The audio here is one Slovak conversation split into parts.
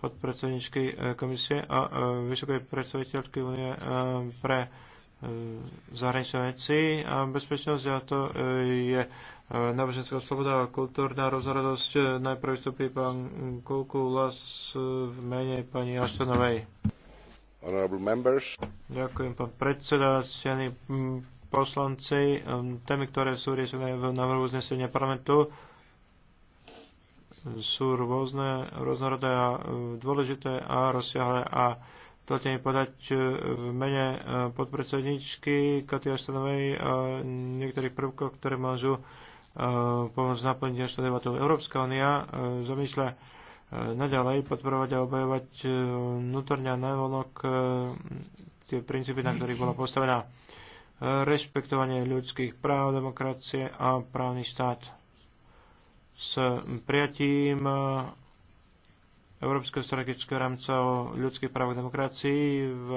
podpredsedničky e, komisie a e, vysokej predstaviteľky únie e, pre zahraničné veci a bezpečnosť a to je náboženská sloboda a kultúrna rozhradosť. Najprv vystupí pán Kulkulas v mene pani Aštanovej. Ďakujem, pán predseda, poslanci. Témy, ktoré sú riešené v návrhu uznesenia parlamentu, sú rôzne, rôznorodé a e, dôležité a rozsiahle a dovolte mi podať e, v mene e, podpredsedničky Katy Aštanovej niektorých prvkov, ktoré môžu pomôcť naplniť dnešnú debatu. Európska únia zamýšľa naďalej podporovať a obajovať vnútorne a najvonok tie princípy, na ktorých bola postavená rešpektovanie ľudských práv, demokracie a právny štát s prijatím Európskeho strategického rámca o ľudských právach demokracii v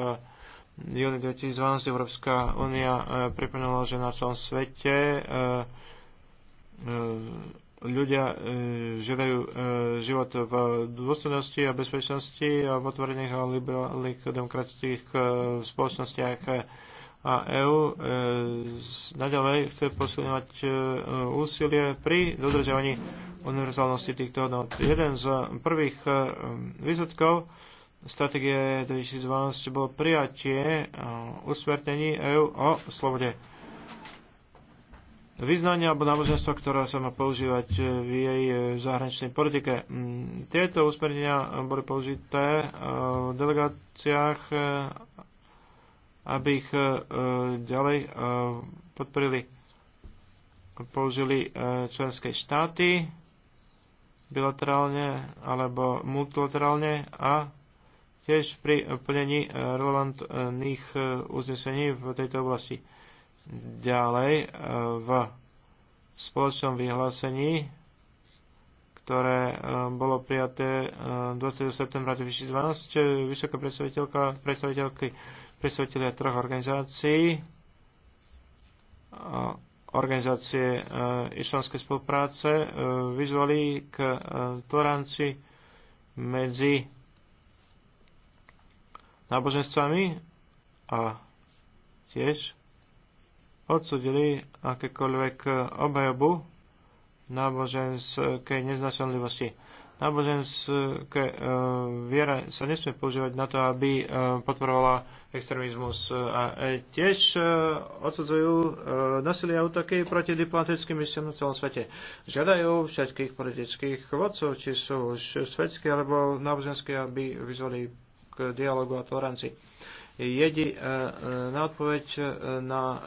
júni 2012 Európska únia e, pripomenula, že na celom svete e, e, ľudia žiadajú život v dôstojnosti a bezpečnosti a v otvorených a liberálnych demokratických spoločnostiach a EÚ e, e naďalej chce posilňovať e, úsilie pri dodržiavaní univerzálnosti týchto hodnot. Jeden z prvých e, výsledkov stratégie 2012 bolo prijatie e, usmernení EÚ o slobode vyznania alebo náboženstva, ktoré sa má používať e, v jej e, zahraničnej politike. Mm, tieto usmernenia boli použité v delegáciách aby ich e, ďalej e, podporili. Použili e, členské štáty bilaterálne alebo multilaterálne a tiež pri plnení relevantných uznesení v tejto oblasti. Ďalej v spoločnom vyhlásení, ktoré bolo prijaté 20. septembra 2012, vysoká predstaviteľka predstaviteľky predstaviteľia troch organizácií, organizácie e, islamskej spolupráce, e, vyzvali k e, toleranci medzi náboženstvami a tiež odsudili akékoľvek obhajobu náboženskej neznášanlivosti. Náboženské viera sa nesmie používať na to, aby podporovala extrémizmus e, a e, tiež e, odsudzujú nasilie a útoky proti diplomatickým misiám na celom svete. Žiadajú všetkých politických vodcov, či sú už svetské alebo náboženské, aby vyzvali k dialogu a tolerancii jedi na odpoveď na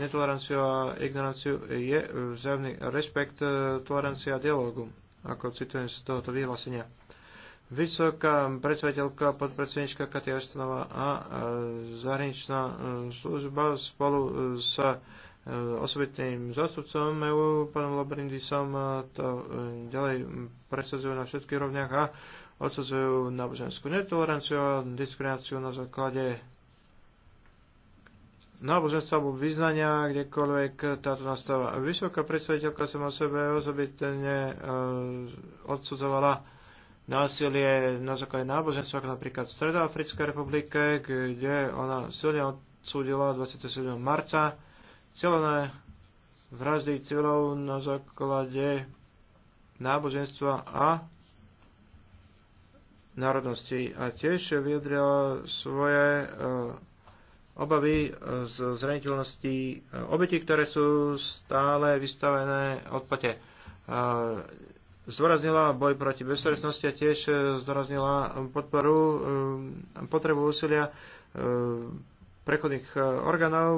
netoleranciu a ignoranciu je vzájomný rešpekt, tolerancia a dialogu, ako citujem z tohoto vyhlásenia. Vysoká predstaviteľka podpredsednička Katia Ostanova a e, zahraničná e, služba spolu e, s osobitným zástupcom EU, pánom Labrindisom, to ďalej presadzujú na všetkých rovniach a odsudzujú náboženskú netoleranciu a diskrimináciu na základe náboženstva alebo vyznania, kdekoľvek táto nastáva. Vysoká predstaviteľka sama sebe osobitne e, odsudzovala násilie na základe náboženstva, ako napríklad v Stredoafrickej republike, kde ona silne odsúdila 27. marca celé vraždy civilov na základe náboženstva a národnosti a tiež vyjadrila svoje eh, obavy eh, z zraniteľnosti eh, obetí, ktoré sú stále vystavené odplate zdôraznila boj proti bezstresnosti a tiež e, zdôraznila e, podporu, e, potrebu úsilia prechodných orgánov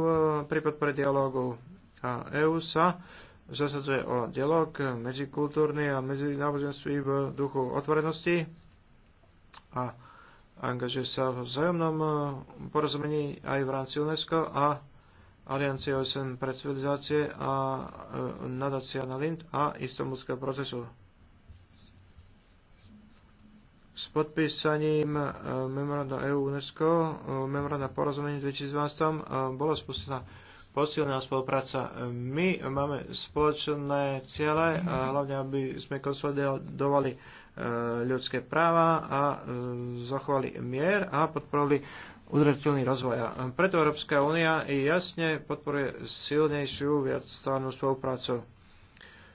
pri podpore dialógu a EU sa zasadzuje o dialog medzikultúrny a medzináboženství v duchu otvorenosti a angažuje sa v vzájomnom porozumení aj v rámci UNESCO a Aliancie OSN pre civilizácie a nadácia na Lind a istomúdského procesu s podpísaním e, memoranda EU UNESCO, e, memoranda porozumenia 2012, e, bola spustená posilná spolupráca. My máme spoločné ciele, hlavne aby sme konsolidovali ľudské práva a zachovali mier a podporovali udržateľný rozvoj. A preto Európska únia jasne podporuje silnejšiu viacstrannú spoluprácu.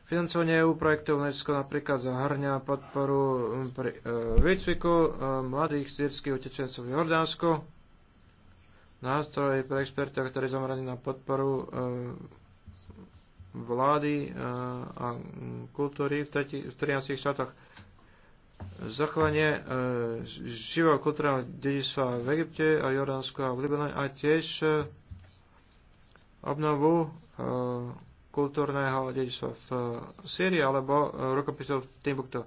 Financovanie EU projektov UNESCO napríklad zahrňa podporu um, pri, e, výcviku e, mladých sírskych utečencov v Jordánsku, nástroj pre expertov, ktorý je zameraný na podporu e, vlády e, a kultúry v, tati, v 13 štátoch. Zachovanie e, živého kultúrneho dedičstva v Egypte a Jordánsku a v Libanone a tiež e, obnovu e, kultúrneho dedičstva v Sýrii alebo e, rukopisov v Timbuktu.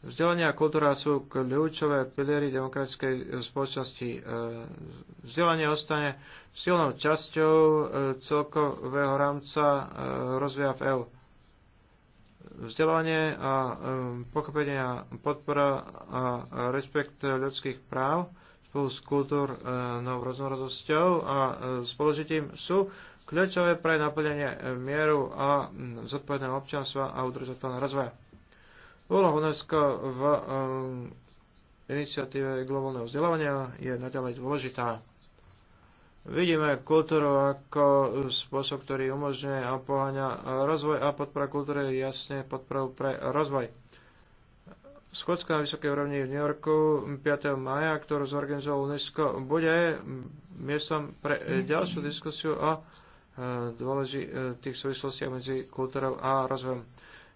Vzdelanie a kultúra sú kľúčové piliery demokratickej spoločnosti. E, vzdelanie ostane silnou časťou e, celkového rámca rozvoja v EÚ. Vzdelanie a pochopenie a podpora a respekt ľudských práv spolu s kultúrnou rôznorodosťou a spoložitím sú kľúčové pre naplnenie eh, mieru a mm, zodpovedného občianstva a udržateľného rozvoja. Úloha UNESCO v um, iniciatíve globálneho vzdelávania je naďalej dôležitá. Vidíme kultúru ako spôsob, ktorý umožňuje a poháňa rozvoj a podpora kultúry je jasne podporou pre rozvoj. Schodská na vysokej úrovni v New Yorku 5. Mm, maja, ktorú zorganizoval UNESCO, bude mm, miestom pre eh, ďalšiu diskusiu o dôležitých e, súvislostiach medzi kultúrou a rozvojom.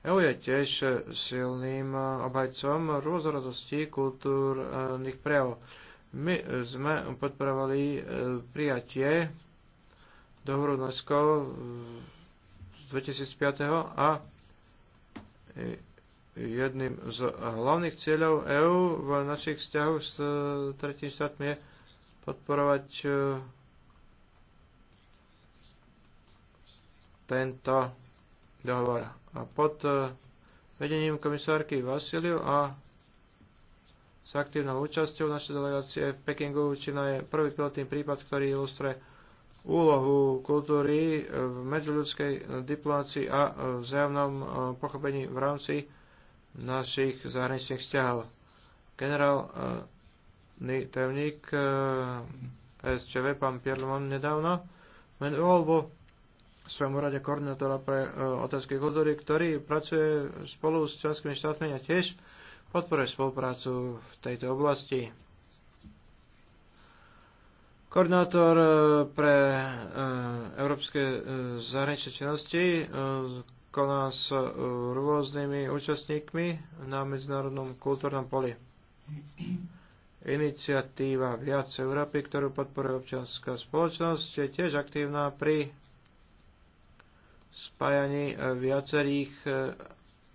EU je tiež silným obhajcom rôznorodosti kultúrnych prejav. My sme podporovali e, prijatie dohovoru UNESCO z 2005. a jedným z hlavných cieľov EÚ v našich vzťahoch s tretím štátmi je podporovať e, tento dohovor. A pod e, vedením komisárky Vasiliu a s aktívnou účasťou našej delegácie v Pekingu Čína je prvý pilotný prípad, ktorý ilustruje úlohu kultúry e, v medziľudskej e, diplomácii a vzájomnom pochopení v rámci našich zahraničných vzťahov. Generál tajomník SČV, pán Pierlman, nedávno menoval vo svojom úrade koordinátora pre e, otázky kultúry, ktorý pracuje spolu s členskými štátmi a tiež podporuje spoluprácu v tejto oblasti. Koordinátor e, pre e, európske zahraničné činnosti koná s rôznymi účastníkmi na medzinárodnom kultúrnom poli. Iniciatíva Viac Európy, ktorú podporuje občianská spoločnosť, je tiež aktívna pri spájaní e, viacerých e,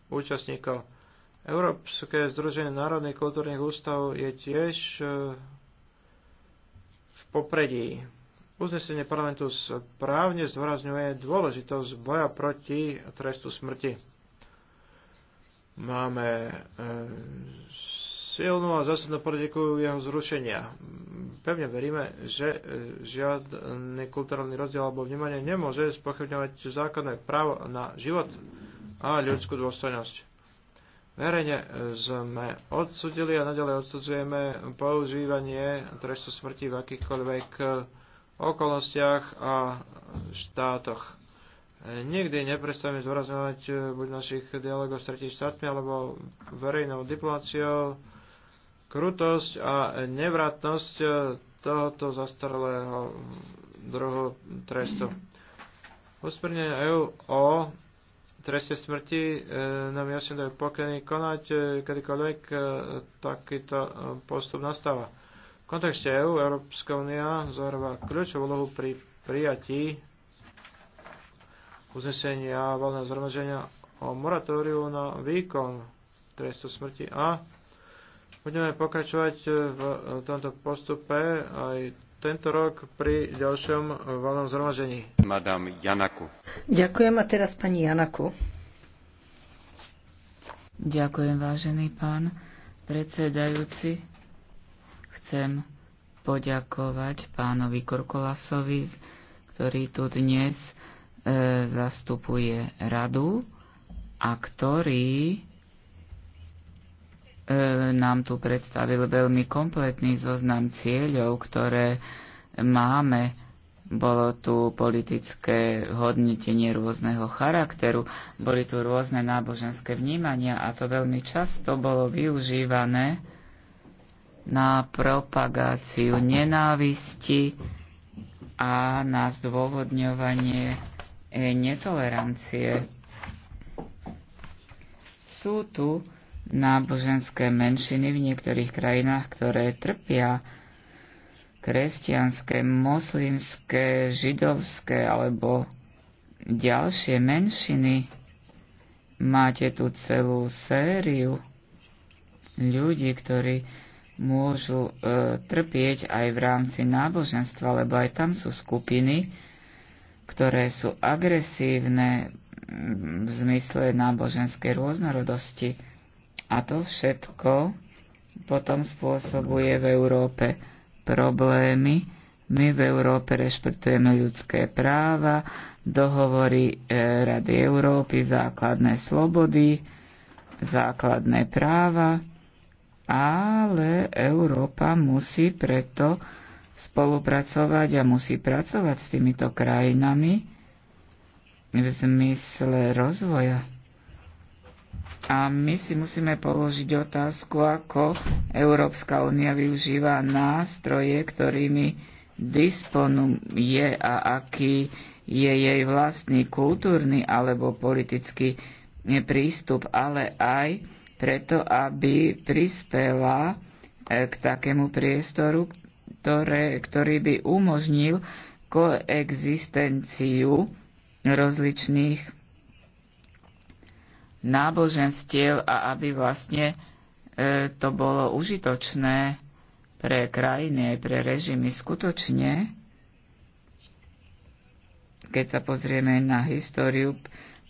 účastníkov. Európske združenie národných kultúrnych ústav je tiež e, v popredí. Uznesenie parlamentu správne zdôrazňuje dôležitosť boja proti trestu smrti. Máme silnú a zásadnú politiku jeho zrušenia. Pevne veríme, že e, žiadny kulturálny rozdiel alebo vnímanie nemôže spochybňovať základné právo na život a ľudskú dôstojnosť. Verejne e, sme odsudili a nadalej odsudzujeme používanie trestu smrti v akýchkoľvek e, okolnostiach a štátoch nikdy neprestaneme zdôrazňovať buď našich dialogov s tretí štátmi alebo verejnou diplomáciou krutosť a nevratnosť e, tohoto zastaralého druhu trestu. Usmernenie EU o treste smrti e, nám jasne dajú pokyny konať, e, kedykoľvek e, takýto e, postup nastáva. V kontexte EU Európska únia zohráva kľúčovú úlohu pri prijatí uznesenia voľného zhromaženia o moratóriu na výkon trestu smrti a Budeme pokračovať e, v e, tomto postupe aj tento rok pri ďalšom e, voľnom zhromažení. Madame Janaku. Ďakujem a teraz pani Janaku. Ďakujem, vážený pán predsedajúci. Chcem poďakovať pánovi Korkolasovi, ktorý tu dnes e, zastupuje radu a ktorý E, nám tu predstavil veľmi kompletný zoznam cieľov, ktoré máme. Bolo tu politické hodnotenie rôzneho charakteru, boli tu rôzne náboženské vnímania a to veľmi často bolo využívané na propagáciu nenávisti a na zdôvodňovanie e, netolerancie. Sú tu náboženské menšiny v niektorých krajinách, ktoré trpia kresťanské, moslimské, židovské alebo ďalšie menšiny. Máte tu celú sériu ľudí, ktorí môžu e, trpieť aj v rámci náboženstva, lebo aj tam sú skupiny, ktoré sú agresívne v zmysle náboženskej rôznorodosti. A to všetko potom spôsobuje v Európe problémy. My v Európe rešpektujeme ľudské práva, dohovory e, Rady Európy, základné slobody, základné práva, ale Európa musí preto spolupracovať a musí pracovať s týmito krajinami v zmysle rozvoja. A my si musíme položiť otázku, ako Európska únia využíva nástroje, ktorými disponuje a aký je jej vlastný kultúrny alebo politický prístup, ale aj preto, aby prispela e, k takému priestoru, ktoré, ktorý by umožnil koexistenciu rozličných náboženstiev a aby vlastne e, to bolo užitočné pre krajiny aj pre režimy. Skutočne, keď sa pozrieme na históriu,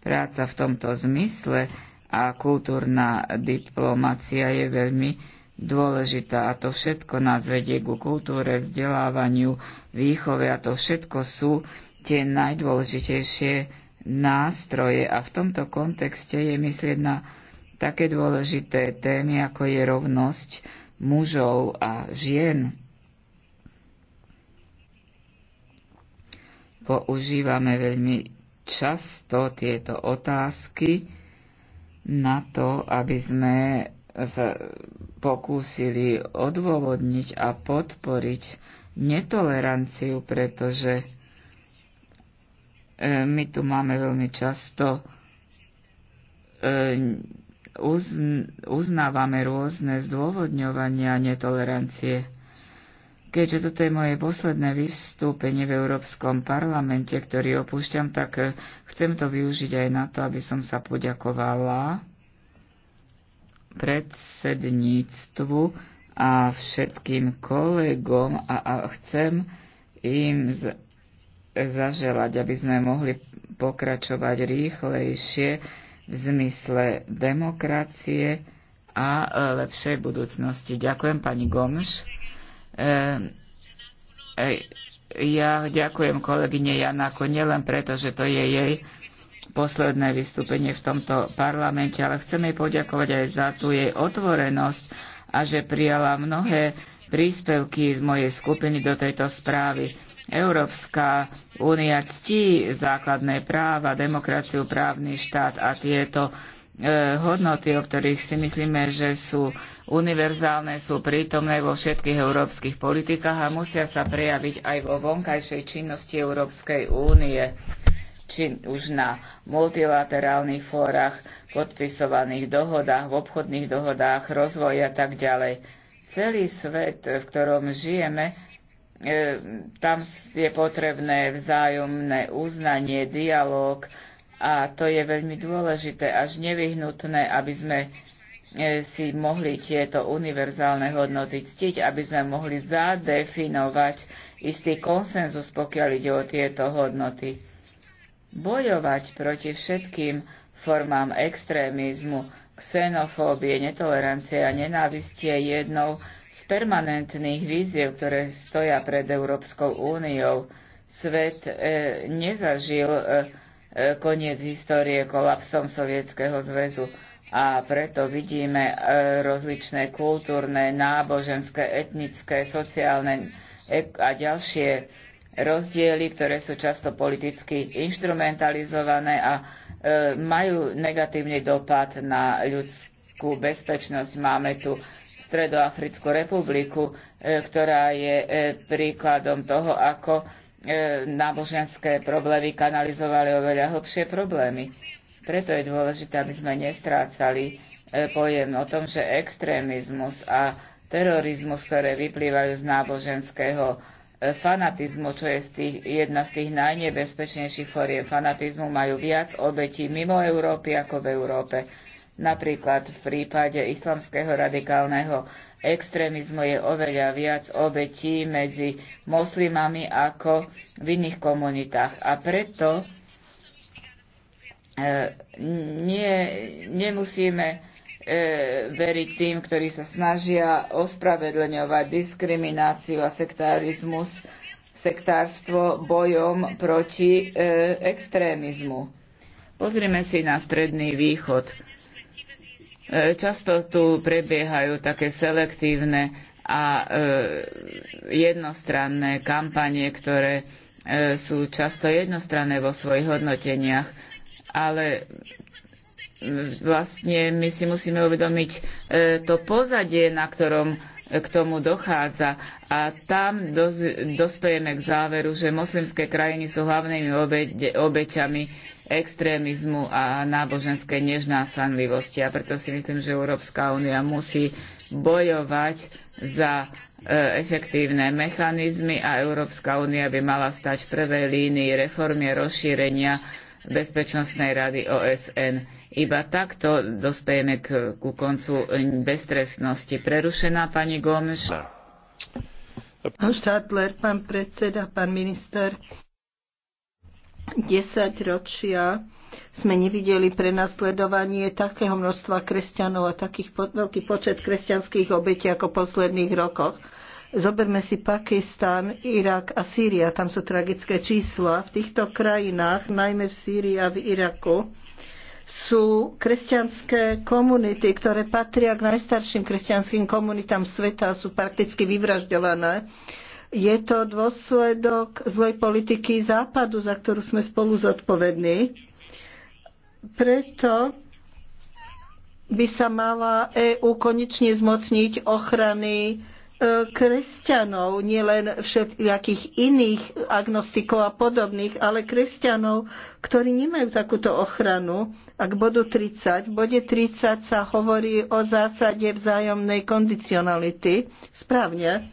práca v tomto zmysle a kultúrna diplomacia je veľmi dôležitá a to všetko nás vedie ku kultúre, vzdelávaniu, výchove a to všetko sú tie najdôležitejšie nástroje a v tomto kontexte je myslieť na také dôležité témy, ako je rovnosť mužov a žien. Používame veľmi často tieto otázky na to, aby sme sa pokúsili odôvodniť a podporiť netoleranciu, pretože E, my tu máme veľmi často e, uznávame rôzne zdôvodňovania netolerancie. Keďže toto je moje posledné vystúpenie v Európskom parlamente, ktorý opúšťam, tak e, chcem to využiť aj na to, aby som sa poďakovala predsedníctvu a všetkým kolegom a, a chcem im zaželať, aby sme mohli pokračovať rýchlejšie v zmysle demokracie a e, lepšej budúcnosti. Ďakujem pani Gomš. E, e, ja ďakujem kolegyne Janáko nielen preto, že to je jej posledné vystúpenie v tomto parlamente, ale chcem jej poďakovať aj za tú jej otvorenosť a že prijala mnohé príspevky z mojej skupiny do tejto správy. Európska únia ctí základné práva, demokraciu, právny štát a tieto e, hodnoty, o ktorých si myslíme, že sú univerzálne, sú prítomné vo všetkých európskych politikách a musia sa prejaviť aj vo vonkajšej činnosti Európskej únie, či už na multilaterálnych fórach, podpisovaných dohodách, v obchodných dohodách, rozvoji a tak ďalej. Celý svet, v ktorom žijeme, E, tam je potrebné vzájomné uznanie, dialog a to je veľmi dôležité, až nevyhnutné, aby sme e, si mohli tieto univerzálne hodnoty ctiť, aby sme mohli zadefinovať istý konsenzus, pokiaľ ide o tieto hodnoty. Bojovať proti všetkým formám extrémizmu, xenofóbie, netolerancie a nenávistie je jednou z permanentných víziev, ktoré stoja pred Európskou úniou. Svet e, nezažil e, e, koniec histórie kolapsom Sovietskeho zväzu a preto vidíme e, rozličné kultúrne, náboženské, etnické, sociálne e, a ďalšie rozdiely, ktoré sú často politicky instrumentalizované a e, majú negatívny dopad na ľudskú bezpečnosť. Máme tu Stredoafrickú republiku, e, ktorá je e, príkladom toho, ako e, náboženské problémy kanalizovali oveľa hlbšie problémy. Preto je dôležité, aby sme nestrácali pojem o tom, že extrémizmus a terorizmus, ktoré vyplývajú z náboženského fanatizmu, čo je z tých, jedna z tých najnebezpečnejších foriem fanatizmu, majú viac obetí mimo Európy ako v Európe. Napríklad v prípade islamského radikálneho extrémizmu je oveľa viac obetí medzi moslimami ako v iných komunitách. A preto e, nie, nemusíme e, veriť tým, ktorí sa snažia ospravedlňovať diskrimináciu a sektárizmus, sektárstvo bojom proti e, extrémizmu. Pozrime si na Stredný východ E, často tu prebiehajú také selektívne a e, jednostranné kampanie, ktoré e, sú často jednostranné vo svojich hodnoteniach, ale vlastne my si musíme uvedomiť to pozadie, na ktorom k tomu dochádza. A tam dospejeme k záveru, že moslimské krajiny sú hlavnými obeťami extrémizmu a náboženskej nežnásanlivosti. A preto si myslím, že Európska únia musí bojovať za e, efektívne mechanizmy a Európska únia by mala stať v prvej línii reformy rozšírenia Bezpečnostnej rady OSN. Iba takto dospejeme k, ku koncu e, beztrestnosti. Prerušená pani Gómez. Pán Štátler, pán predseda, pán minister desaťročia sme nevideli prenasledovanie takého množstva kresťanov a takých po, veľký počet kresťanských obetí ako v posledných rokoch. Zoberme si Pakistan, Irak a Sýria. Tam sú tragické čísla. V týchto krajinách, najmä v Sýrii a v Iraku, sú kresťanské komunity, ktoré patria k najstarším kresťanským komunitám sveta a sú prakticky vyvražďované. Je to dôsledok zlej politiky Západu, za ktorú sme spolu zodpovední. Preto by sa mala EÚ konečne zmocniť ochrany e, kresťanov, nielen všetkých iných agnostikov a podobných, ale kresťanov, ktorí nemajú takúto ochranu. A k bodu 30, v bode 30 sa hovorí o zásade vzájomnej kondicionality. Správne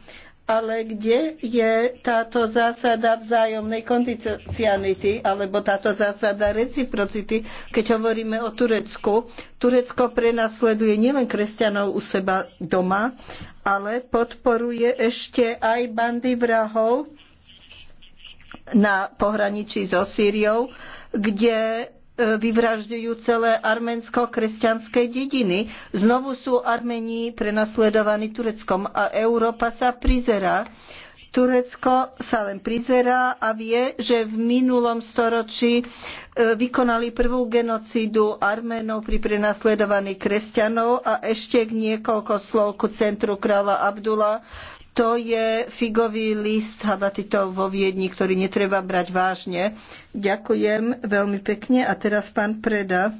ale kde je táto zásada vzájomnej kondicionality alebo táto zásada reciprocity, keď hovoríme o Turecku? Turecko prenasleduje nielen kresťanov u seba doma, ale podporuje ešte aj bandy vrahov na pohraničí so Sýriou, kde vyvražďujú celé arménsko-kresťanské dediny. Znovu sú Armení prenasledovaní Tureckom a Európa sa prizerá. Turecko sa len prizerá a vie, že v minulom storočí e, vykonali prvú genocídu Arménov pri prenasledovaní kresťanov a ešte niekoľko slov ku centru kráľa Abdula to je figový list Habatitov vo Viedni, ktorý netreba brať vážne. Ďakujem veľmi pekne. A teraz pán Preda.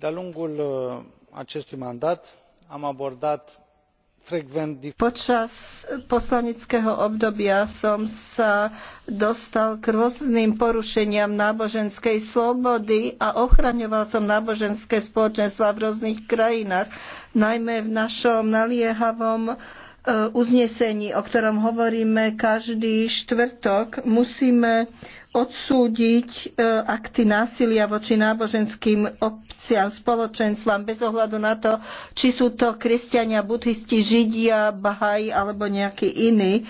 lungul uh, acestui mandat am abordat Počas poslaneckého obdobia som sa dostal k rôznym porušeniam náboženskej slobody a ochraňoval som náboženské spoločenstva v rôznych krajinách, najmä v našom naliehavom uh, Eh, uznesení, o ktorom hovoríme každý štvrtok, musíme odsúdiť eh, akty násilia voči náboženským obciam, spoločenstvám, bez ohľadu na to, či sú to kresťania, buddhisti, židia, bahaji alebo nejakí iní.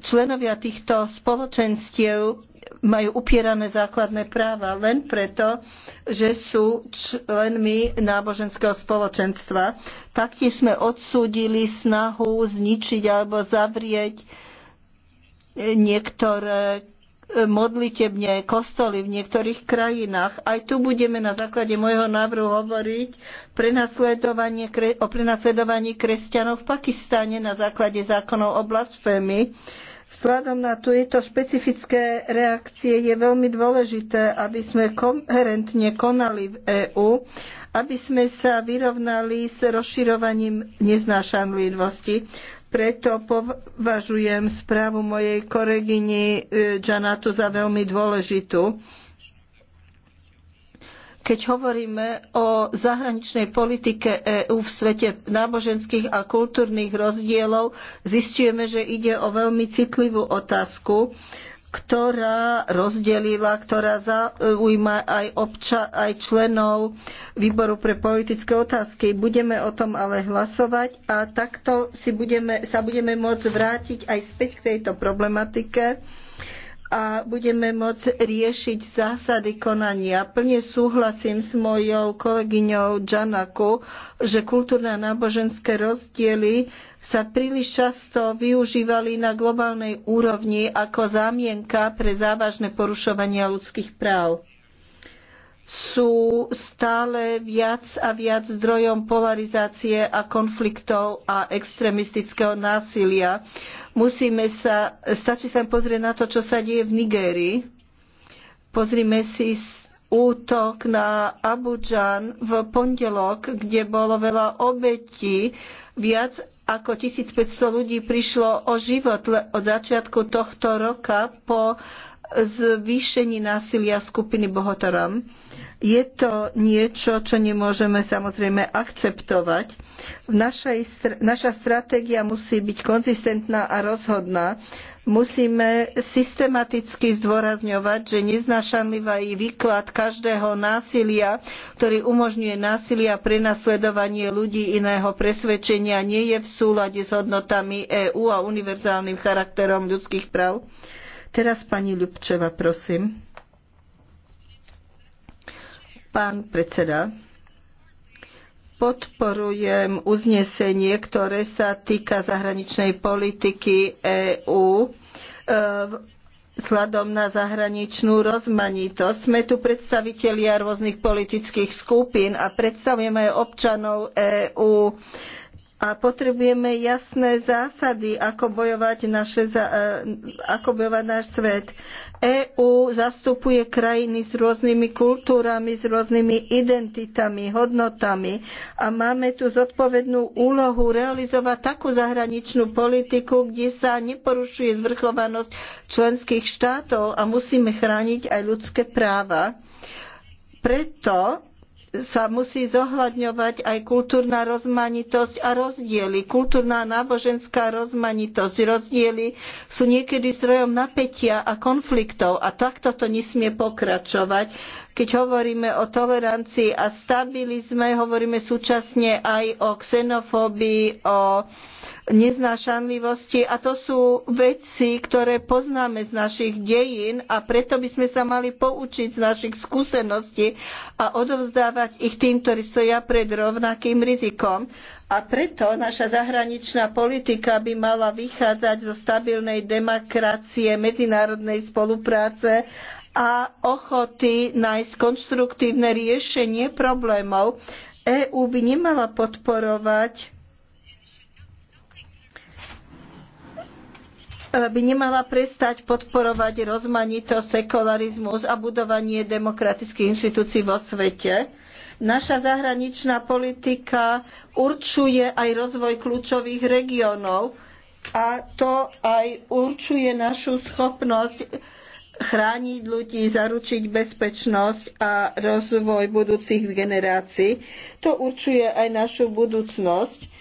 Členovia týchto spoločenstiev majú upierané základné práva len preto, že sú členmi náboženského spoločenstva. Taktiež sme odsúdili snahu zničiť alebo zavrieť niektoré modlitebne kostoly v niektorých krajinách. Aj tu budeme na základe môjho návrhu hovoriť prenasledovanie, o prenasledovaní kresťanov v Pakistane na základe zákonov o blasfémy. Vzhľadom na tieto špecifické reakcie je veľmi dôležité, aby sme koherentne konali v EÚ, aby sme sa vyrovnali s rozširovaním neznášanlivosti. Preto považujem správu mojej kolegyni eh, Janatu za veľmi dôležitú keď hovoríme o zahraničnej politike EÚ v svete náboženských a kultúrnych rozdielov, zistujeme, že ide o veľmi citlivú otázku, ktorá rozdelila, ktorá zaujíma aj, obča, aj členov výboru pre politické otázky. Budeme o tom ale hlasovať a takto si budeme, sa budeme môcť vrátiť aj späť k tejto problematike a budeme môcť riešiť zásady konania. Plne súhlasím s mojou kolegyňou Janaku, že kultúrne a náboženské rozdiely sa príliš často využívali na globálnej úrovni ako zámienka pre závažné porušovania ľudských práv sú stále viac a viac zdrojom polarizácie a konfliktov a extremistického násilia. Musíme sa, stačí sa pozrieť na to, čo sa deje v Nigérii. Pozrime si útok na Abudžan v pondelok, kde bolo veľa obetí. Viac ako 1500 ľudí prišlo o život od začiatku tohto roka po zvýšení násilia skupiny Bohotaram je to niečo, čo nemôžeme samozrejme akceptovať. Našej, naša stratégia musí byť konzistentná a rozhodná. Musíme systematicky zdôrazňovať, že neznášanlivý výklad každého násilia, ktorý umožňuje násilia a prenasledovanie ľudí iného presvedčenia, nie je v súlade s hodnotami EÚ a univerzálnym charakterom ľudských práv. Teraz pani Ľubčeva, prosím. Pán predseda, podporujem uznesenie, ktoré sa týka zahraničnej politiky EÚ sladom eh, na zahraničnú rozmanitosť. Sme tu predstavitelia rôznych politických skupín a predstavujeme aj občanov EÚ a potrebujeme jasné zásady, ako bojovať, naše, e, ako bojovať náš svet. EÚ zastupuje krajiny s rôznymi kultúrami, s rôznymi identitami, hodnotami a máme tu zodpovednú úlohu realizovať takú zahraničnú politiku, kde sa neporušuje zvrchovanosť členských štátov a musíme chrániť aj ľudské práva. Preto sa musí zohľadňovať aj kultúrna rozmanitosť a rozdiely. Kultúrna a náboženská rozmanitosť, rozdiely sú niekedy zdrojom napätia a konfliktov a takto to nesmie pokračovať keď hovoríme o tolerancii a stabilizme, hovoríme súčasne aj o xenofóbii, o neznášanlivosti a to sú veci, ktoré poznáme z našich dejín a preto by sme sa mali poučiť z našich skúseností a odovzdávať ich tým, ktorí stoja pred rovnakým rizikom. A preto naša zahraničná politika by mala vychádzať zo stabilnej demokracie, medzinárodnej spolupráce a ochoty nájsť konštruktívne riešenie problémov. EÚ by nemala podporovať e, by nemala prestať podporovať rozmanitosť, sekularizmus a budovanie demokratických inštitúcií vo svete. Naša zahraničná politika určuje aj rozvoj kľúčových regiónov a to aj určuje našu schopnosť chrániť ľudí, zaručiť bezpečnosť a rozvoj budúcich generácií. To určuje aj našu budúcnosť.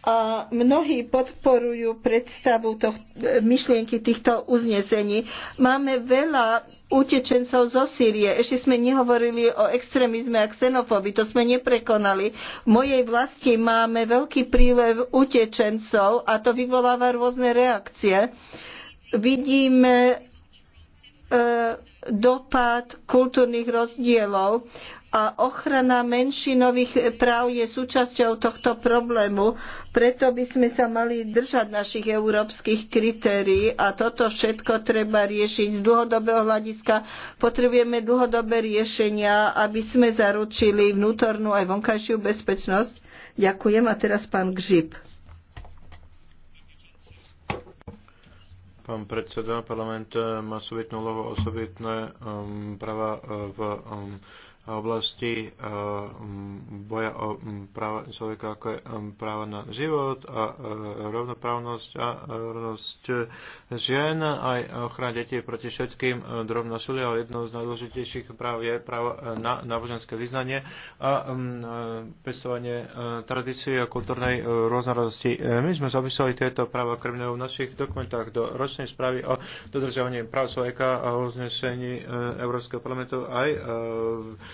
A mnohí podporujú predstavu toh, myšlienky týchto uznesení. Máme veľa utečencov zo Sýrie. Ešte sme nehovorili o extrémizme a xenofóbii. To sme neprekonali. V mojej vlasti máme veľký prílev utečencov a to vyvoláva rôzne reakcie. Vidíme E, dopad kultúrnych rozdielov a ochrana menšinových práv je súčasťou tohto problému. Preto by sme sa mali držať našich európskych kritérií a toto všetko treba riešiť z dlhodobého hľadiska. Potrebujeme dlhodobé riešenia, aby sme zaručili vnútornú aj vonkajšiu bezpečnosť. Ďakujem a teraz pán Gžip. Pán predseda, parlament eh, má osobitnú úlohu, osobitné um, práva eh, v um, oblasti eh, boja o práva človeka, ako je práva na život a eh, rovnoprávnosť a eh, rovnosť žien, aj ochrana detí proti všetkým drom súli ale jednou z najdôležitejších práv je právo na náboženské vyznanie a pestovanie tradície a kultúrnej rôznorodosti. My sme zapísali tieto práva krvného v našich dokumentách do ročnej správy o dodržiavaní práv človeka a o uh, Európskeho parlamentu aj v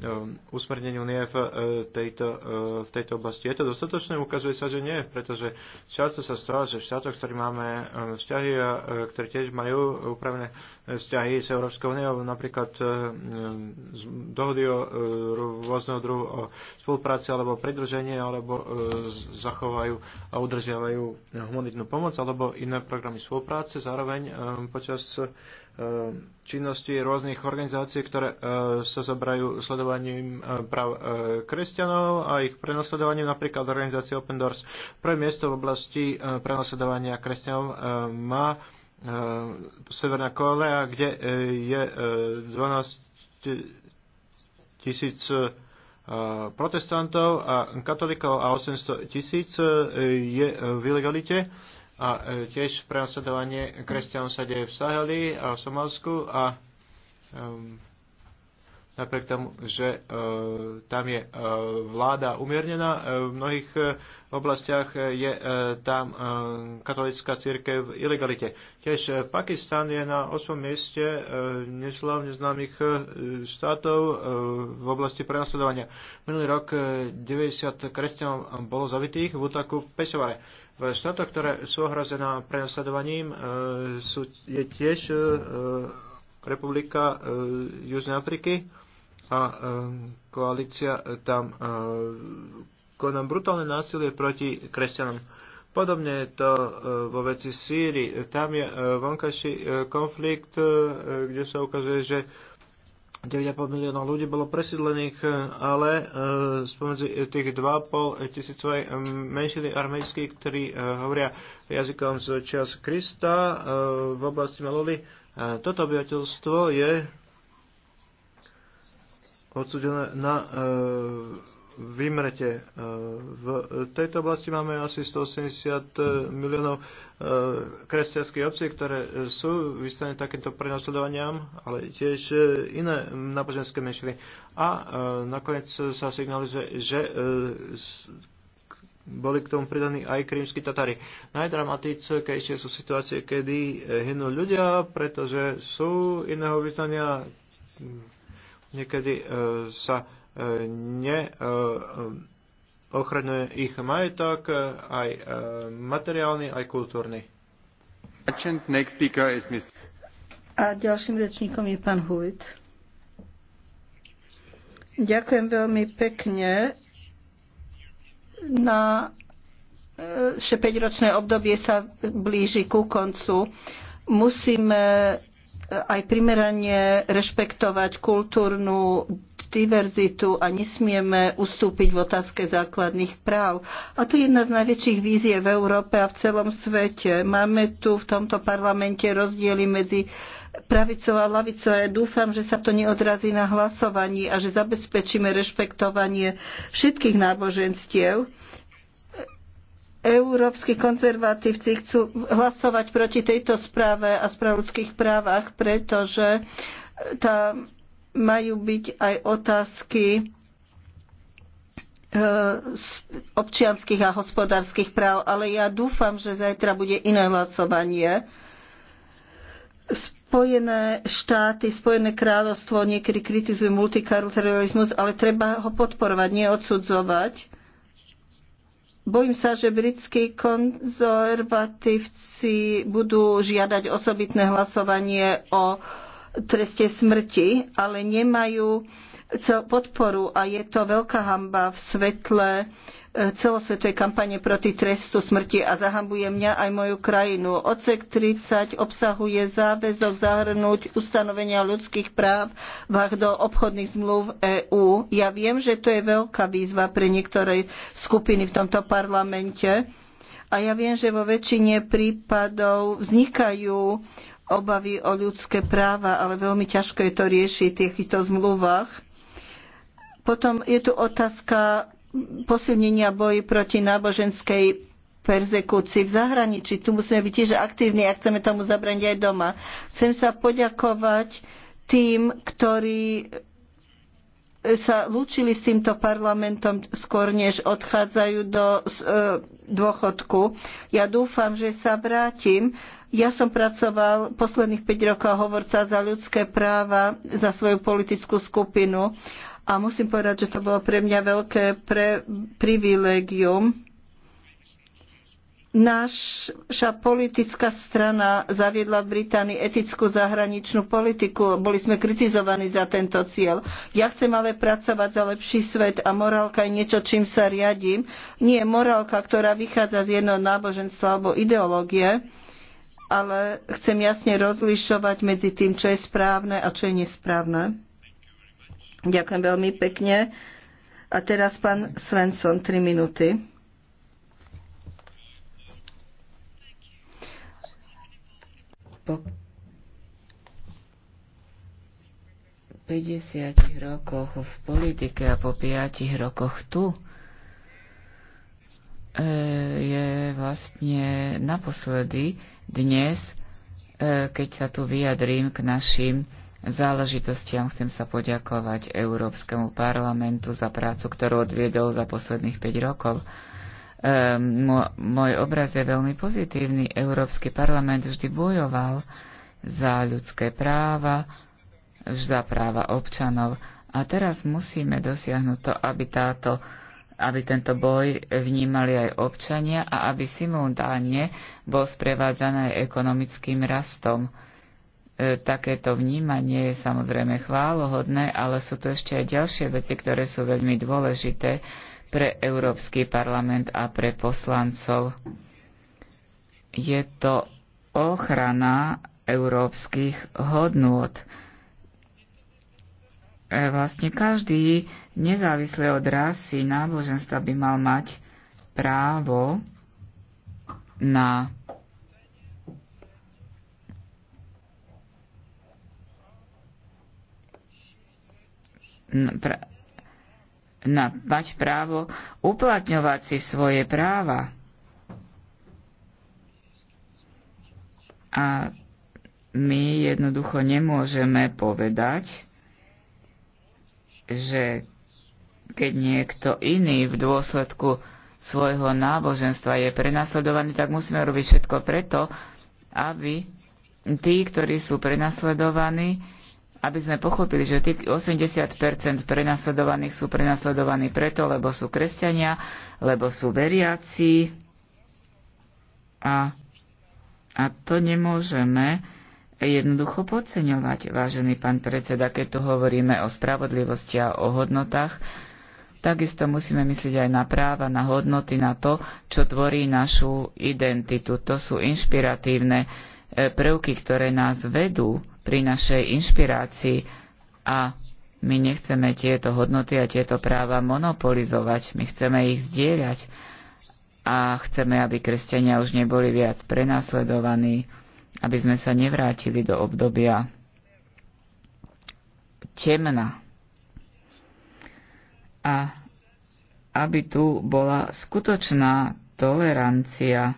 Ehm, usmernení unie v e, tejto, e, v tejto oblasti. Je to dostatočné? Ukazuje sa, že nie, pretože často sa stáva, že v štátoch, ktorí máme e, vzťahy a ktorí tiež majú upravené vzťahy s Európskou úniou, napríklad dohody o rôzneho druhu o spolupráci alebo pridruženie, alebo zachovajú a udržiavajú humanitnú pomoc alebo iné programy spolupráce. Zároveň počas činnosti rôznych organizácií, ktoré sa zabrajú sledovať porušovaním e, práv e, kresťanov a ich prenasledovaním, napríklad organizácie Open Doors. Prvé miesto v oblasti e, prenasledovania kresťanov má Severná Korea, kde je 12 tisíc protestantov a katolikov a 800 tisíc je v ilegalite. A tiež prenasledovanie kresťanov sa deje v Saheli a v Somálsku a napriek tomu, že e, tam je e, vláda umiernená, e, v mnohých oblastiach je tam katolická církev v ilegalite. Tiež Pakistan je na 8. mieste neslavne známych štátov v oblasti prenasledovania. Minulý rok 90 kresťanov bolo zavitých v útaku v Pešovare. V štátoch, ktoré sú ohrozená prenasledovaním, sú, je tiež Republika Južnej Afriky a e, koalícia e, tam e, koná brutálne násilie proti kresťanom. Podobne je to vo veci Sýrii. Tam je vonkajší konflikt, kde sa ukazuje, že 9,5 milióna ľudí bolo presídlených, ale e, spomedzi tých 2,5 tisícovej menšiny armejských, ktorí e, hovoria jazykom z čas Krista e, v oblasti Melody, e, toto obyvateľstvo je odsudené na e, vymrete. E, v tejto oblasti máme asi 180 e, miliónov kresťanských obcí, ktoré sú vystavené takýmto prenasledovaniam, ale tiež iné náboženské menšiny. A nakoniec sa signalizuje, že boli k tomu pridaní aj krímsky Tatári. Najdramatickejšie sú situácie, kedy hynú ľudia, pretože sú iného vyznania niekedy e, sa e, ne e, e, ochraňuje ich majetok, e, aj e, materiálny, aj kultúrny. A ďalším rečníkom je pán Huit. Ďakujem veľmi pekne. Na ešte 5-ročné obdobie sa blíži ku koncu. Musíme aj primerane rešpektovať kultúrnu diverzitu a nesmieme ustúpiť v otázke základných práv. A to je jedna z najväčších vízie v Európe a v celom svete. Máme tu v tomto parlamente rozdiely medzi pravicou a lavicou a ja dúfam, že sa to neodrazí na hlasovaní a že zabezpečíme rešpektovanie všetkých náboženstiev. Európsky konzervatívci chcú hlasovať proti tejto správe a správ ľudských právach, pretože tam majú byť aj otázky e, občianských a hospodárskych práv, ale ja dúfam, že zajtra bude iné hlasovanie. Spojené štáty, Spojené kráľovstvo niekedy kritizujú multikulturalizmus, ale treba ho podporovať, neodsudzovať Bojím sa, že britskí konzervatívci budú žiadať osobitné hlasovanie o treste smrti, ale nemajú podporu a je to veľká hamba v svetle e, celosvetovej kampane proti trestu smrti a zahambuje mňa aj moju krajinu. Ocek 30 obsahuje záväzok zahrnúť ustanovenia ľudských práv do obchodných zmluv EÚ. Ja viem, že to je veľká výzva pre niektoré skupiny v tomto parlamente a ja viem, že vo väčšine prípadov vznikajú obavy o ľudské práva, ale veľmi ťažko je to riešiť v týchto zmluvách. Potom je tu otázka posilnenia boji proti náboženskej perzekúcii v zahraničí. Tu musíme byť tiež aktívni a chceme tomu zabrať aj doma. Chcem sa poďakovať tým, ktorí sa lúčili s týmto parlamentom skôr, než odchádzajú do e, dôchodku. Ja dúfam, že sa vrátim ja som pracoval posledných 5 rokov hovorca za ľudské práva za svoju politickú skupinu a musím povedať, že to bolo pre mňa veľké pre, privilégium. Naša politická strana zaviedla v Británii etickú zahraničnú politiku. Boli sme kritizovaní za tento cieľ. Ja chcem ale pracovať za lepší svet a morálka je niečo, čím sa riadím. Nie morálka, ktorá vychádza z jedného náboženstva alebo ideológie, ale chcem jasne rozlišovať medzi tým, čo je správne a čo je nesprávne. Ďakujem veľmi pekne. A teraz pán Svensson, 3 minúty. Po 50 rokoch v politike a po 5 rokoch tu E, je vlastne naposledy dnes, e, keď sa tu vyjadrím k našim záležitostiam. Chcem sa poďakovať Európskemu parlamentu za prácu, ktorú odviedol za posledných 5 rokov. E, môj obraz je veľmi pozitívny. Európsky parlament vždy bojoval za ľudské práva, za práva občanov. A teraz musíme dosiahnuť to, aby táto aby tento boj vnímali aj občania a aby simultáne bol sprevádzaný aj ekonomickým rastom. E, takéto vnímanie je samozrejme chválohodné, ale sú to ešte aj ďalšie veci, ktoré sú veľmi dôležité pre Európsky parlament a pre poslancov. Je to ochrana európskych hodnôt E, vlastne každý, nezávisle od rasy, náboženstva by mal mať právo na na, mať právo uplatňovať si svoje práva. A my jednoducho nemôžeme povedať, že keď niekto iný v dôsledku svojho náboženstva je prenasledovaný, tak musíme robiť všetko preto, aby tí, ktorí sú prenasledovaní, aby sme pochopili, že tých 80% prenasledovaných sú prenasledovaní preto, lebo sú kresťania, lebo sú veriaci. A, a to nemôžeme jednoducho podceňovať, vážený pán predseda, keď tu hovoríme o spravodlivosti a o hodnotách. Takisto musíme myslieť aj na práva, na hodnoty, na to, čo tvorí našu identitu. To sú inšpiratívne e, prvky, ktoré nás vedú pri našej inšpirácii a my nechceme tieto hodnoty a tieto práva monopolizovať, my chceme ich zdieľať a chceme, aby kresťania už neboli viac prenasledovaní aby sme sa nevrátili do obdobia temna. A aby tu bola skutočná tolerancia,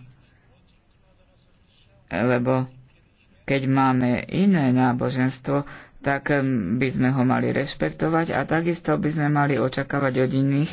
lebo keď máme iné náboženstvo, tak by sme ho mali rešpektovať a takisto by sme mali očakávať od iných,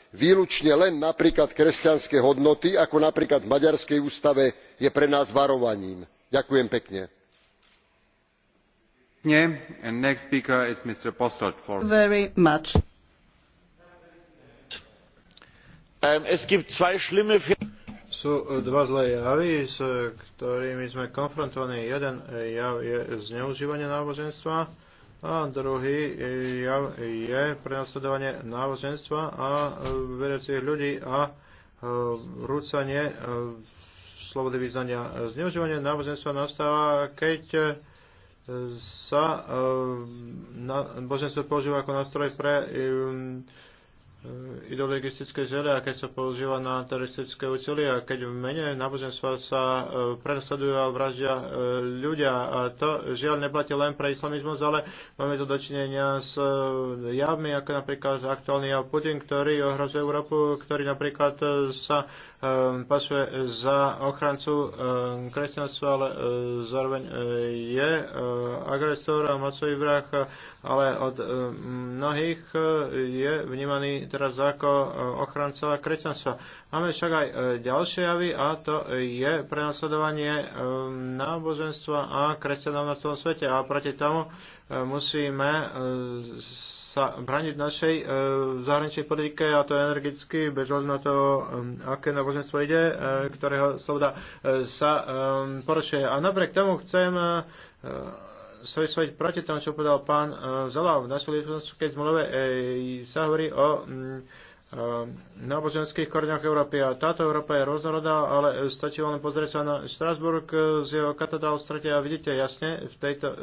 výlučne len napríklad kresťanské hodnoty ako napríklad v maďarskej ústave je pre nás varovaním. ďakujem pekne. Ähm, sú äh, dva zlé javy, s ktorými sme konfrontovaní. Jeden äh, jav je zneužívanie náboženstva a druhý e, jav je prenasledovanie náboženstva a e, veriacich ľudí a e, rúcanie slobody vyznania. Zneužívanie náboženstva nastáva, keď sa boženstvo používa ako nástroj pre E, ideologistické žele a keď sa používa na teroristické účely a keď v mene náboženstva sa e, prenasledujú a vraždia e, ľudia. A to žiaľ neplatí len pre islamizmus, ale máme tu dočinenia s javmi, ako napríklad aktuálny Putin, ktorý ohrozuje Európu, ktorý napríklad sa Ehm, pasuje za ochrancu ehm, kresťanstva, ale e, zároveň e, je e, agresor a mocový vrah, ale od mnohých je vnímaný teraz ako ochranca kresťanstva. Máme však aj ďalšie javy a to je prenasledovanie náboženstva a kresťanov na celom svete a proti tomu musíme sa braniť našej e, zahraničnej politike a to je energicky, bez ohľadu na to, e, aké náboženstvo ide, e, ktorého sloboda e, sa e, porušuje. A napriek tomu chcem e, sa vysloviť proti tomu, čo povedal pán e, Zala. V našej Lisbonskej zmluve e, sa hovorí o e, Ehm, náboženských koreňoch Európy. A táto Európa je rôznorodá, ale stačí len pozrieť sa na Strasburg eh, z jeho katedrál strate a vidíte jasne, v tejto, eh,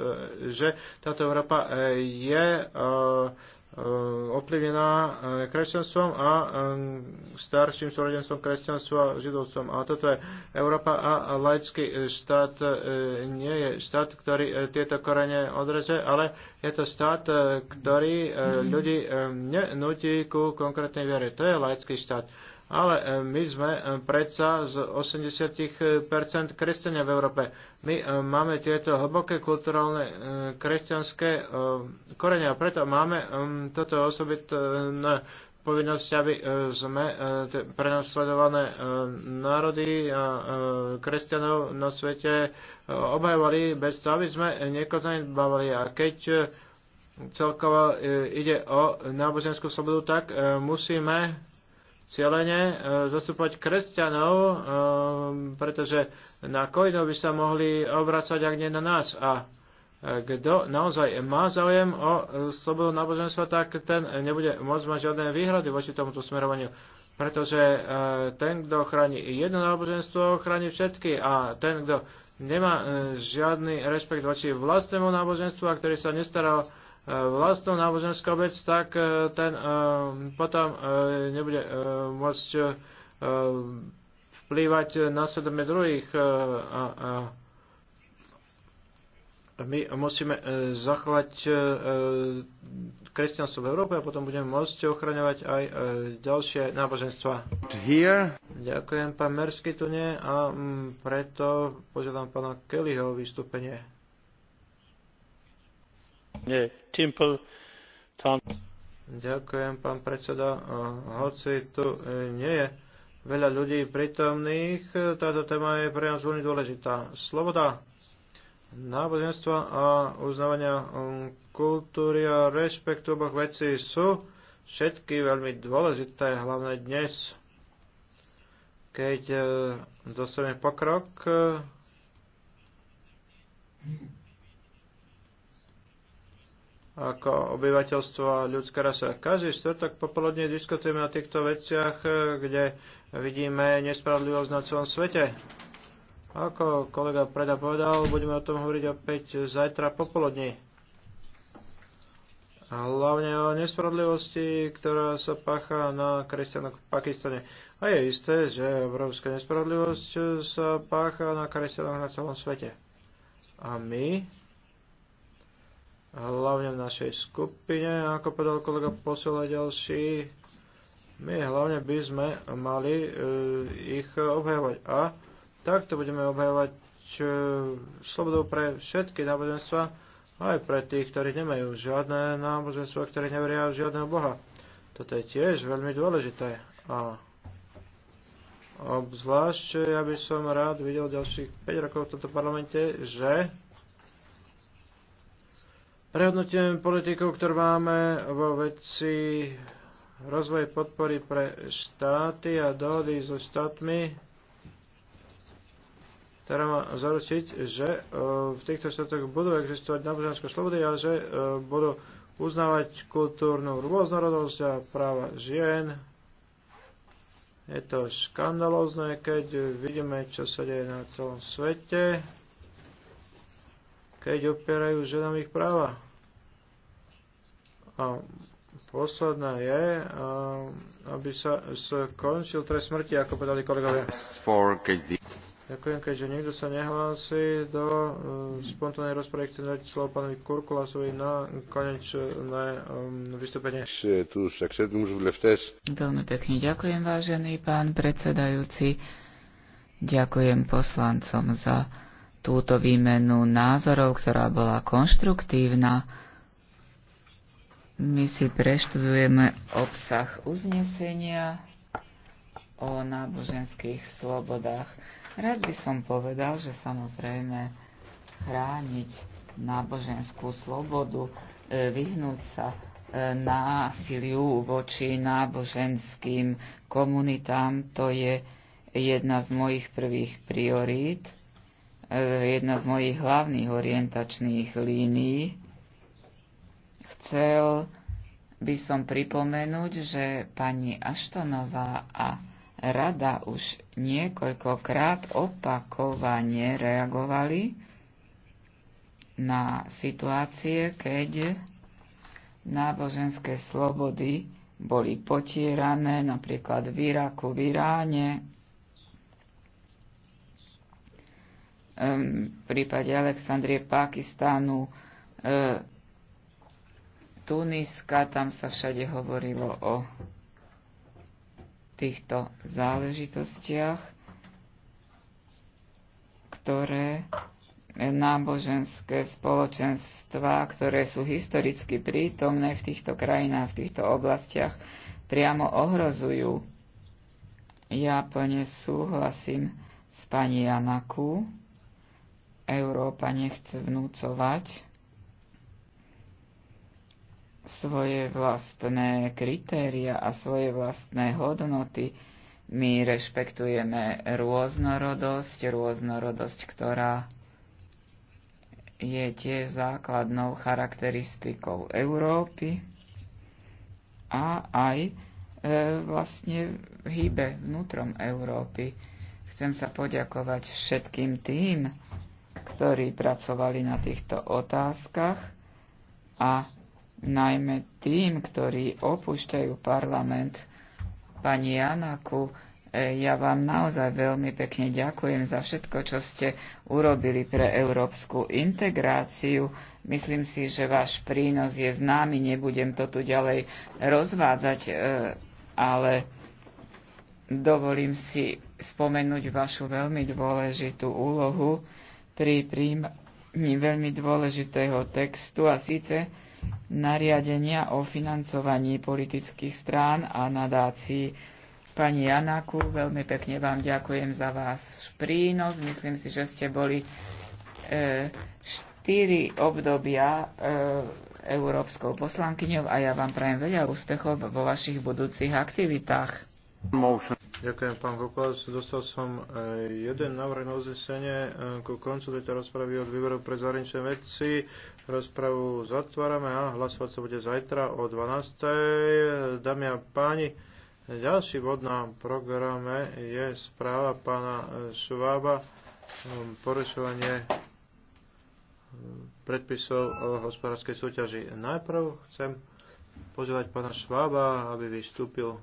že táto Európa eh, je Eh, ovplyvnená eh, kresťanstvom a eh, starším súrodenstvom kresťanstva židovstvom. A toto je Európa a laický štát nie je štát, ktorý tieto korene odreže, ale je to štát, ktorý ľudí nenúti ku konkrétnej viere. To je laický štát ale e, my sme e, predsa z 80% kresťania v Európe. My e, máme tieto hlboké kulturálne kresťanské korenia a preto máme toto osobitné povinnosť, aby sme prenasledované národy a kresťanov na svete obhajovali bez toho, aby sme niekoho zanedbávali. A keď celkovo ide o náboženskú slobodu, tak musíme cieľene e, zastupovať kresťanov, e, pretože na kojno by sa mohli obracať, ak nie na nás. A e, kto naozaj má záujem o slobodu náboženstva, tak ten nebude môcť mať žiadne výhrady voči tomuto smerovaniu. Pretože ten, kto chráni jedno náboženstvo, chráni všetky. A ten, kto nemá žiadny rešpekt voči vlastnému náboženstvu a ktorý sa nestará o vlastnú náboženskú obec, tak e, ten e, potom e, nebude môcť vplývať na svedomie druhých a, a my musíme zachovať kresťanstvo v Európe a potom budeme môcť ochraňovať aj ďalšie náboženstva. Here. Ďakujem, pán Mersky tu nie a mm, preto požiadam pána Kellyho vystúpenie. Ďakujem, pán predseda. E, hoci tu e, nie je veľa ľudí prítomných, e, táto téma je pre nás veľmi dôležitá. Sloboda náboženstva a uznávania um, kultúry a rešpektu oboch vecí sú všetky veľmi dôležité, hlavne dnes, keď dostaneme pokrok ako obyvateľstvo a ľudská rasa. Každý štvrtok popoludne diskutujeme o týchto veciach, eh, kde vidíme nespravodlivosť na celom svete. Ako kolega Preda povedal, budeme o tom hovoriť opäť zajtra popoludní. Hlavne o nespravodlivosti, ktorá sa pacha na kresťanok v Pakistane. A je isté, že obrovská nespravodlivosť sa pácha na kresťanok na celom svete. A my hlavne v našej skupine, ako povedal kolega posiela ďalší, my hlavne by sme mali uh, ich obhajovať. A takto budeme obhajovať uh, e, slobodu pre všetky náboženstva, aj pre tých, ktorí nemajú žiadne náboženstvo, ktorí neveria v žiadneho Boha. Toto je tiež veľmi dôležité. A obzvlášť, ja by som rád videl ďalších 5 rokov v tomto parlamente, že Prehodnotujem politiku, ktorú máme vo veci rozvoj podpory pre štáty a dohody so štátmi, ktorá má zaručiť, že e, v týchto štátoch budú existovať náboženské slobody a že e, budú uznávať kultúrnu rôznorodosť a práva žien. Je to škandalózne, keď vidíme, čo sa deje na celom svete keď opierajú ženám ich práva. A posledná je, aby sa skončil trest smrti, ako povedali kolegovia. Ďakujem, keďže nikto sa nehlási do uh, spontánnej rozpravy, chcem dať slovo pánovi Kurkulasovi na konečné um, vystúpenie. Veľmi pekne ďakujem, vážený pán predsedajúci. Ďakujem poslancom za túto výmenu názorov, ktorá bola konštruktívna. My si preštudujeme obsah uznesenia o náboženských slobodách. Rád by som povedal, že samozrejme chrániť náboženskú slobodu, e, vyhnúť sa e, násiliu voči náboženským komunitám, to je jedna z mojich prvých priorít Eh, jedna z mojich hlavných orientačných línií. Chcel by som pripomenúť, že pani Aštonová a rada už niekoľkokrát opakovane reagovali na situácie, keď náboženské slobody boli potierané napríklad v Iraku, v Iráne, v prípade Alexandrie, Pakistánu, e, Tuniska, tam sa všade hovorilo o týchto záležitostiach, ktoré náboženské spoločenstva, ktoré sú historicky prítomné v týchto krajinách, v týchto oblastiach, priamo ohrozujú. Ja plne súhlasím s pani Janaku Európa nechce vnúcovať svoje vlastné kritéria a svoje vlastné hodnoty. My rešpektujeme rôznorodosť, rôznorodosť, ktorá je tiež základnou charakteristikou Európy a aj e, vlastne hýbe vnútrom Európy. Chcem sa poďakovať všetkým tým, ktorí pracovali na týchto otázkach a najmä tým, ktorí opúšťajú parlament. Pani Janaku, e, ja vám naozaj veľmi pekne ďakujem za všetko, čo ste urobili pre európsku integráciu. Myslím si, že váš prínos je známy, nebudem to tu ďalej rozvádzať, e, ale dovolím si spomenúť vašu veľmi dôležitú úlohu pri príjmaní veľmi dôležitého textu a síce nariadenia o financovaní politických strán a nadácií. Pani Janaku, veľmi pekne vám ďakujem za váš prínos. Myslím si, že ste boli e, štyri obdobia e, európskou poslankyňou a ja vám prajem veľa úspechov vo vašich budúcich aktivitách. Ďakujem, pán Koklas. Dostal som e, jeden návrh na uznesenie e, ku koncu tejto rozpravy od výboru pre zahraničné veci. Rozpravu zatvárame a hlasovať sa bude zajtra o 12. Dámy a páni, ďalší bod na programe je správa pána e, Švába porušovanie predpisov o hospodárskej súťaži. Najprv chcem pozvať pána Švába, aby vystúpil